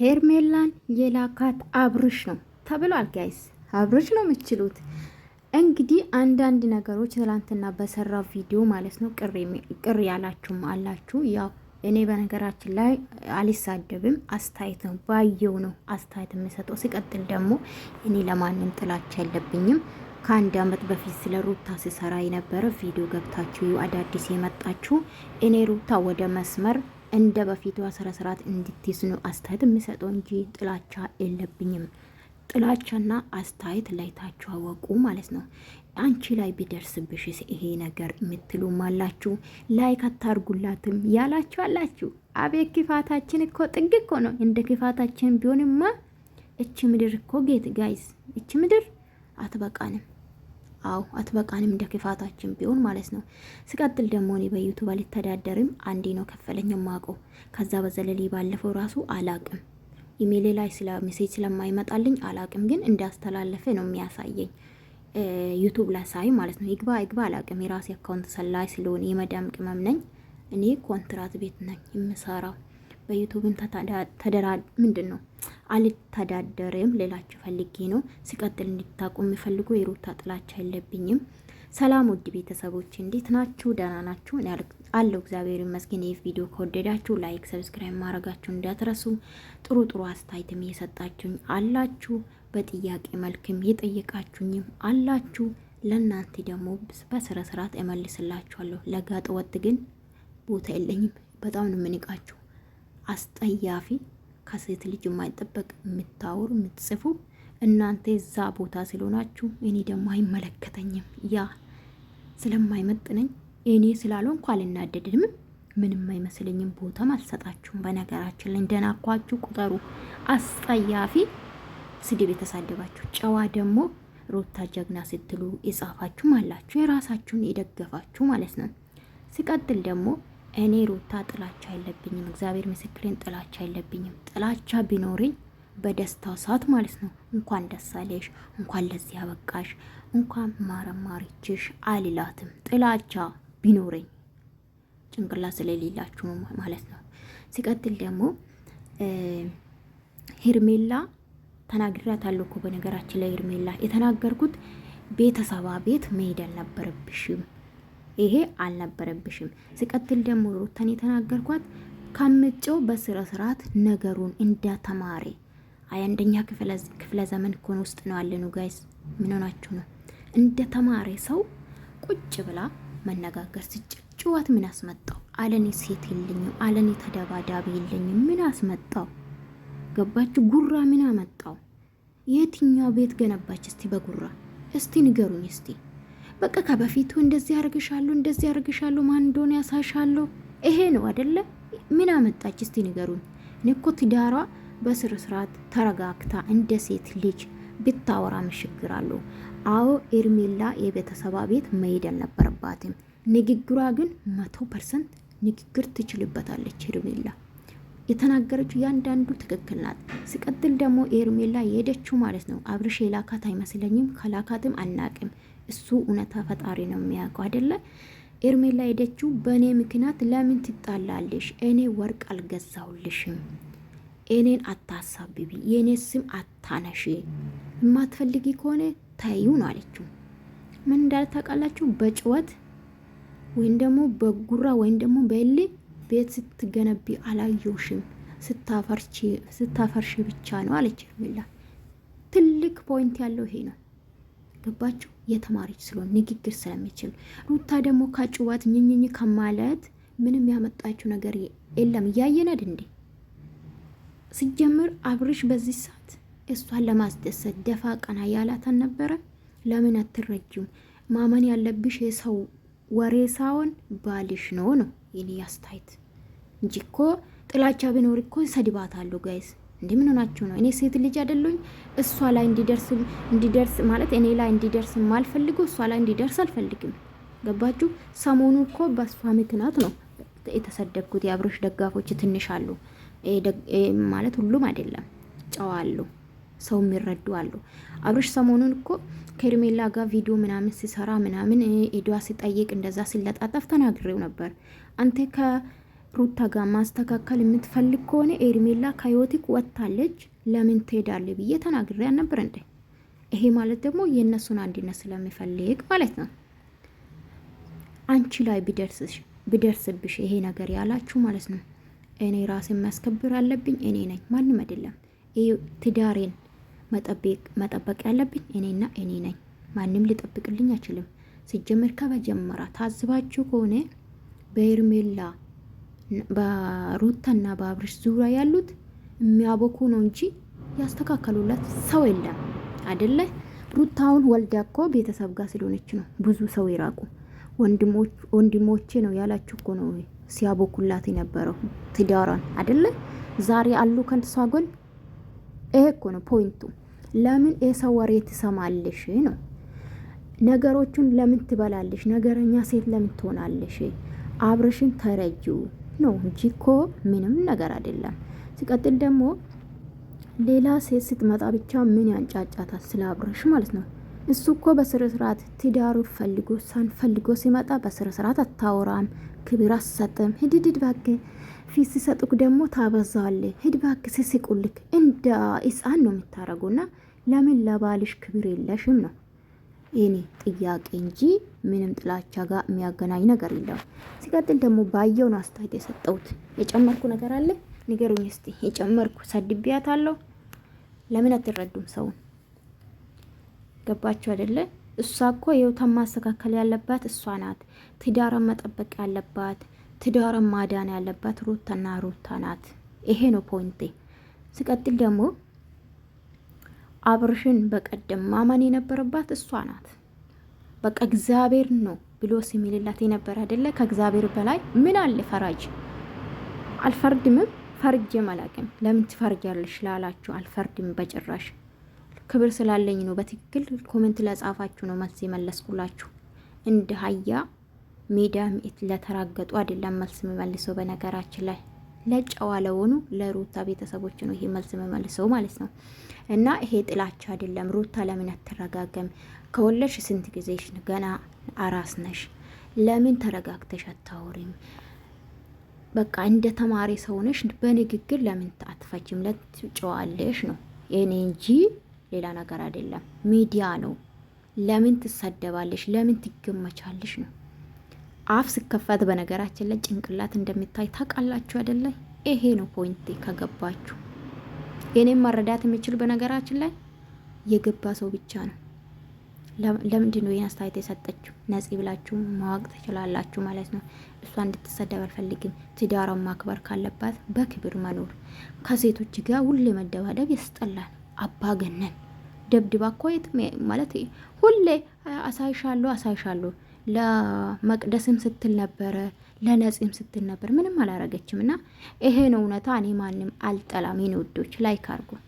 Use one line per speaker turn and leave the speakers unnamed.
ሄርሜላን የላካት አብርሽ ነው ተብሏል። ጋይስ አብርሽ ነው የምችሉት። እንግዲህ አንዳንድ ነገሮች ትላንትና በሰራው ቪዲዮ ማለት ነው ቅር ያላችሁም አላችሁ። ያው እኔ በነገራችን ላይ አልሳደብም፣ አስተያየት ነው ባየው ነው አስተያየት የምሰጠው። ሲቀጥል ደግሞ እኔ ለማንም ጥላቻ የለብኝም። ከአንድ አመት በፊት ስለ ሩታ ስሰራ የነበረ ቪዲዮ ገብታችሁ አዳዲስ የመጣችሁ እኔ ሩታ ወደ መስመር እንደ በፊቱ ስረ ስርዓት እንድትይዝ ነው አስተያየት የሚሰጠው እንጂ ጥላቻ የለብኝም። ጥላቻና አስተያየት ላይታችሁ አወቁ ማለት ነው። አንቺ ላይ ቢደርስብሽ ይሄ ነገር የምትሉም አላችሁ። ላይክ አታርጉላትም ያላችሁ አላችሁ። አቤት ክፋታችን እኮ ጥግ እኮ ነው። እንደ ክፋታችን ቢሆንማ እች ምድር እኮ ጌት ጋይዝ እች ምድር አትበቃንም። አዎ አትበቃንም፣ እንደ ክፋታችን ቢሆን ማለት ነው። ስቀጥል ደግሞ እኔ በዩቱብ አልተዳደርም። አንዴ ነው ከፈለኝ የማውቀው። ከዛ በዘለሌ ባለፈው ራሱ አላቅም፣ ኢሜሌ ላይ ስለ ሜሴጅ ስለማይመጣልኝ አላቅም፣ ግን እንዳስተላለፈ ነው የሚያሳየኝ ዩቱብ ላይ ሳይ ማለት ነው። ይግባ ይግባ አላቅም። የራሴ አካውንት ሰላይ ስለሆነ የመዳም ቅመም ነኝ እኔ ኮንትራት ቤት ነኝ የምሰራው በዩቱብም ተደራ- ምንድን ነው አልተዳደርም ልላችሁ ፈልጌ ነው። ሲቀጥል እንዲታቁ የሚፈልጉ የሩታ ጥላቻ የለብኝም። ሰላም ውድ ቤተሰቦች እንዴት ናችሁ? ደህና ናችሁ? አለው እግዚአብሔር ይመስገን። ይህ ቪዲዮ ከወደዳችሁ ላይክ፣ ሰብስክራይብ ማድረጋችሁ እንዳትረሱ። ጥሩ ጥሩ አስተያየትም እየሰጣችሁኝ አላችሁ። በጥያቄ መልክም እየጠየቃችሁኝም አላችሁ። ለእናንተ ደግሞ በስነ ስርዓት እመልስላችኋለሁ። ለጋጥ ወጥ ግን ቦታ የለኝም። በጣም ነው የምንቃችሁ። አስጠያፊ ከሴት ልጅ የማይጠበቅ የምታወሩ የምትጽፉ እናንተ እዛ ቦታ ስለሆናችሁ እኔ ደግሞ አይመለከተኝም፣ ያ ስለማይመጥነኝ እኔ ስላልሆንኩ አልናደድንም፣ ምንም አይመስለኝም፣ ቦታም አልሰጣችሁም። በነገራችን ላይ እንደናኳችሁ ቁጠሩ። አስጠያፊ ስድብ የተሳደባችሁ ጨዋ ደግሞ ሮታ ጀግና ስትሉ የጻፋችሁም አላችሁ፣ የራሳችሁን የደገፋችሁ ማለት ነው። ሲቀጥል ደግሞ እኔ ሩታ ጥላቻ የለብኝም። እግዚአብሔር ምስክሬን ጥላቻ የለብኝም። ጥላቻ ቢኖርኝ በደስታው ሰዓት ማለት ነው እንኳን ደስ አለሽ፣ እንኳን ለዚህ አበቃሽ፣ እንኳን ማረማሪችሽ አልላትም። ጥላቻ ቢኖረኝ ጭንቅላ ስለሌላችሁ ማለት ነው። ሲቀጥል ደግሞ ሄርሜላ ተናግሬያታለሁ እኮ በነገራችን ላይ ሄርሜላ የተናገርኩት ቤተሰባ ቤት መሄድ አልነበረብሽም ይሄ አልነበረብሽም። ሲቀጥል ደግሞ ሩታን የተናገርኳት ከምጮው በስረ ስርዓት ነገሩን እንዳተማሪ አንደኛ ክፍለ ዘመን ኮን ውስጥ ነው ያለኑ። ጋይስ ምን ሆናችሁ ነው? እንደ ተማሪ ሰው ቁጭ ብላ መነጋገር ስጭል ጭዋት ምን አስመጣው? አለኔ ሴት የለኝም አለኔ ተደባዳቢ የለኝም ምን አስመጣው? ገባችሁ? ጉራ ምን አመጣው? የትኛው ቤት ገነባች? እስቲ በጉራ እስቲ ንገሩኝ እስቲ በቃ ከበፊቱ እንደዚህ ያርግሻሉ እንደዚህ ያርግሻሉ ማን እንደሆነ ያሳሻሉ። ይሄ ነው አደለ? ምን አመጣች እስቲ ንገሩን። እኔ ትዳሯ ስርዓት ተረጋግታ እንደ ሴት ልጅ ብታወራ ምሽግራሉ። አለው። አዎ ኤርሜላ የቤተሰባ ቤት መሄድ አልነበረባትም። ንግግሯ ግን መቶ ፐርሰንት ንግግር ትችልበታለች። ኤርሜላ የተናገረችው እያንዳንዱ ትክክል ናት። ሲቀጥል ደግሞ ኤርሜላ የሄደችው ማለት ነው አብርሽ የላካት አይመስለኝም። ከላካትም አናቅም እሱ እውነታ ፈጣሪ ነው የሚያውቀው አይደለ? ኤርሜላ ሄደችው በእኔ ምክንያት ለምን ትጣላለሽ? እኔ ወርቅ አልገዛሁልሽም። እኔን አታሳብቢ፣ የእኔ ስም አታነሺ። የማትፈልጊ ከሆነ ነው አለችው። ምን እንዳለ በጭወት ወይም ደግሞ በጉራ ወይም ደግሞ በል ቤት ስትገነቢ አላየውሽም፣ ስታፈርሽ ብቻ ነው አለች ኤርሜላ። ትልቅ ፖይንት ያለው ይሄ ነው። ገባችሁ? የተማሪች ስለሆን ንግግር ስለሚችል ሩታ ደግሞ ከጭዋት ኝኝኝ ከማለት ምንም ያመጣችው ነገር የለም። እያየነድ እንዴ ሲጀምር አብርሽ በዚህ ሰዓት እሷን ለማስደሰት ደፋ ቀና ያላተን ነበረ። ለምን አትረጅም? ማመን ያለብሽ የሰው ወሬ ሳይሆን ባልሽ ነው ነው የኔ አስተያየት እንጂ እኮ ጥላቻ ቢኖር እኮ ሰድባታለሁ ጋይስ እንደምን ሆናችሁ ነው? እኔ ሴት ልጅ አይደለሁኝ? እሷ ላይ እንዲደርስ እንዲደርስ ማለት እኔ ላይ እንዲደርስ ማልፈልጉ እሷ ላይ እንዲደርስ አልፈልግም። ገባችሁ? ሰሞኑ እኮ በእሷ ምክንያት ነው የተሰደብኩት። የአብሮሽ ደጋፎች ትንሽ አሉ ማለት ሁሉም አይደለም፣ ጨዋ አሉ፣ ሰው የሚረዱ አሉ። አብሮሽ ሰሞኑን እኮ ከሄርሜላ ጋር ቪዲዮ ምናምን ሲሰራ ምናምን ኢድዋ ሲጠይቅ እንደዛ ሲለጣጠፍ ተናግሬው ነበር አንተ ሩታ ጋር ማስተካከል የምትፈልግ ከሆነ ኤርሜላ ከህይወትክ ወጥታለች፣ ለምን ትሄዳለ ብዬ ተናግሬ ያልነበረ እንዴ? ይሄ ማለት ደግሞ የእነሱን አንድነት ስለሚፈልግ ማለት ነው። አንቺ ላይ ቢደርስብሽ ይሄ ነገር ያላችሁ ማለት ነው። እኔ ራሴ የሚያስከብር አለብኝ እኔ ነኝ፣ ማንም አይደለም። ትዳሬን መጠበቅ ያለብኝ እኔና እኔ ነኝ። ማንም ሊጠብቅልኝ አይችልም። ሲጀምር ከመጀመሪያ ታዝባችሁ ከሆነ በኤርሜላ በሩታና በአብርሽ ዙሪያ ያሉት የሚያቦኩ ነው እንጂ ያስተካከሉላት ሰው የለም አይደለ? ሩታውን ወልዳ እኮ ቤተሰብ ጋር ስለሆነች ነው ብዙ ሰው ይራቁ ወንድሞቼ ነው ያላችሁ እኮ ነው ሲያቦኩላት የነበረው ትዳሯን አደለ። ዛሬ አሉ ከንትሷ ጎን ይሄ እኮ ነው ፖይንቱ። ለምን የሰው ወሬ ትሰማለሽ ነው ነገሮቹን ለምን ትበላለሽ? ነገረኛ ሴት ለምን ትሆናለሽ? አብርሽን ተረጂው ነው እንጂ እኮ ምንም ነገር አይደለም። ሲቀጥል ደግሞ ሌላ ሴት ስትመጣ ብቻ ምን ያንጫጫታል? ስለ አብረሽ ማለት ነው። እሱ እኮ በስነ ስርዓት ትዳሩ ፈልጎ ሳንፈልጎ ሲመጣ በስነ ስርዓት አታወራም፣ ክብር አሰጥም። ሂድድድ ባክ ፊት ሲሰጡክ ደግሞ ታበዛዋለ። ሂድ ባክ ሲስቁልክ እንደ ሕፃን ነው የምታረጉና ለምን ለባልሽ ክብር የለሽም ነው የኔ ጥያቄ እንጂ ምንም ጥላቻ ጋር የሚያገናኝ ነገር የለም። ሲቀጥል ደግሞ ባየውን አስተያየት የሰጠሁት የጨመርኩ ነገር አለ ንገሩኝ እስቲ። የጨመርኩ ሰድቢያት አለው። ለምን አትረዱም? ሰውን ገባችሁ አይደለ? እሷ እኮ የውታን ማስተካከል ያለባት እሷ ናት። ትዳርን መጠበቅ ያለባት ትዳርን ማዳን ያለባት ሩታና ሩታ ናት። ይሄ ነው ፖይንቴ። ሲቀጥል ደግሞ አብርሽን በቀደም ማመን የነበረባት እሷ ናት። በቃ እግዚአብሔር ነው ብሎ ሲሚልላት የነበረ አይደለ? ከእግዚአብሔር በላይ ምን አለ ፈራጅ? አልፈርድምም፣ ፈርጄም አላቅም። ለምን ትፈርጃለሽ ላላችሁ አልፈርድም በጭራሽ ክብር ስላለኝ ነው። በትክክል ኮሜንት ለጻፋችሁ ነው መልስ የመለስኩላችሁ። እንደ ሀያ ሜዳ ምኤት ለተራገጡ አይደለም መልስ የሚመልሰው በነገራችን ላይ ነጭ ዋለውኑ ለሩታ ቤተሰቦች ነው ይሄ መልስ መመልሰው ማለት ነው። እና ይሄ ጥላቻ አይደለም። ሩታ ለምን አትረጋገም? ከወለሽ ስንት ጊዜሽ? ገና አራስ ነሽ። ለምን ተረጋግተሽ አታወሪም? በቃ እንደ ተማሪ ሰውነሽ በንግግር ለምን አትፈችም? ለትጨዋለሽ ነው የኔ እንጂ ሌላ ነገር አይደለም። ሚዲያ ነው። ለምን ትሰደባለሽ? ለምን ትገመቻለሽ ነው አፍ ስከፈት በነገራችን ላይ ጭንቅላት እንደሚታይ ታውቃላችሁ አይደለ? ይሄ ነው ፖይንቴ ከገባችሁ። የኔም መረዳት የሚችል በነገራችን ላይ የገባ ሰው ብቻ ነው። ለምንድን ነው ይህን አስተያየት የሰጠችው? ነጽ ብላችሁ ማወቅ ትችላላችሁ ማለት ነው። እሷ እንድትሰደብ አልፈልግም። ትዳሯን ማክበር ካለባት በክብር መኖር። ከሴቶች ጋር ሁሌ መደባደብ ያስጠላል። አባገነን ደብድባ እኮ የት ማለት ሁሌ አሳይሻለሁ አሳይሻለሁ ለመቅደስም ስትል ነበረ፣ ለነጽም ስትል ነበር። ምንም አላረገችም እና ይሄን እውነታ እኔ ማንም አልጠላም። የኔ ውዶች ላይክ አርጉም።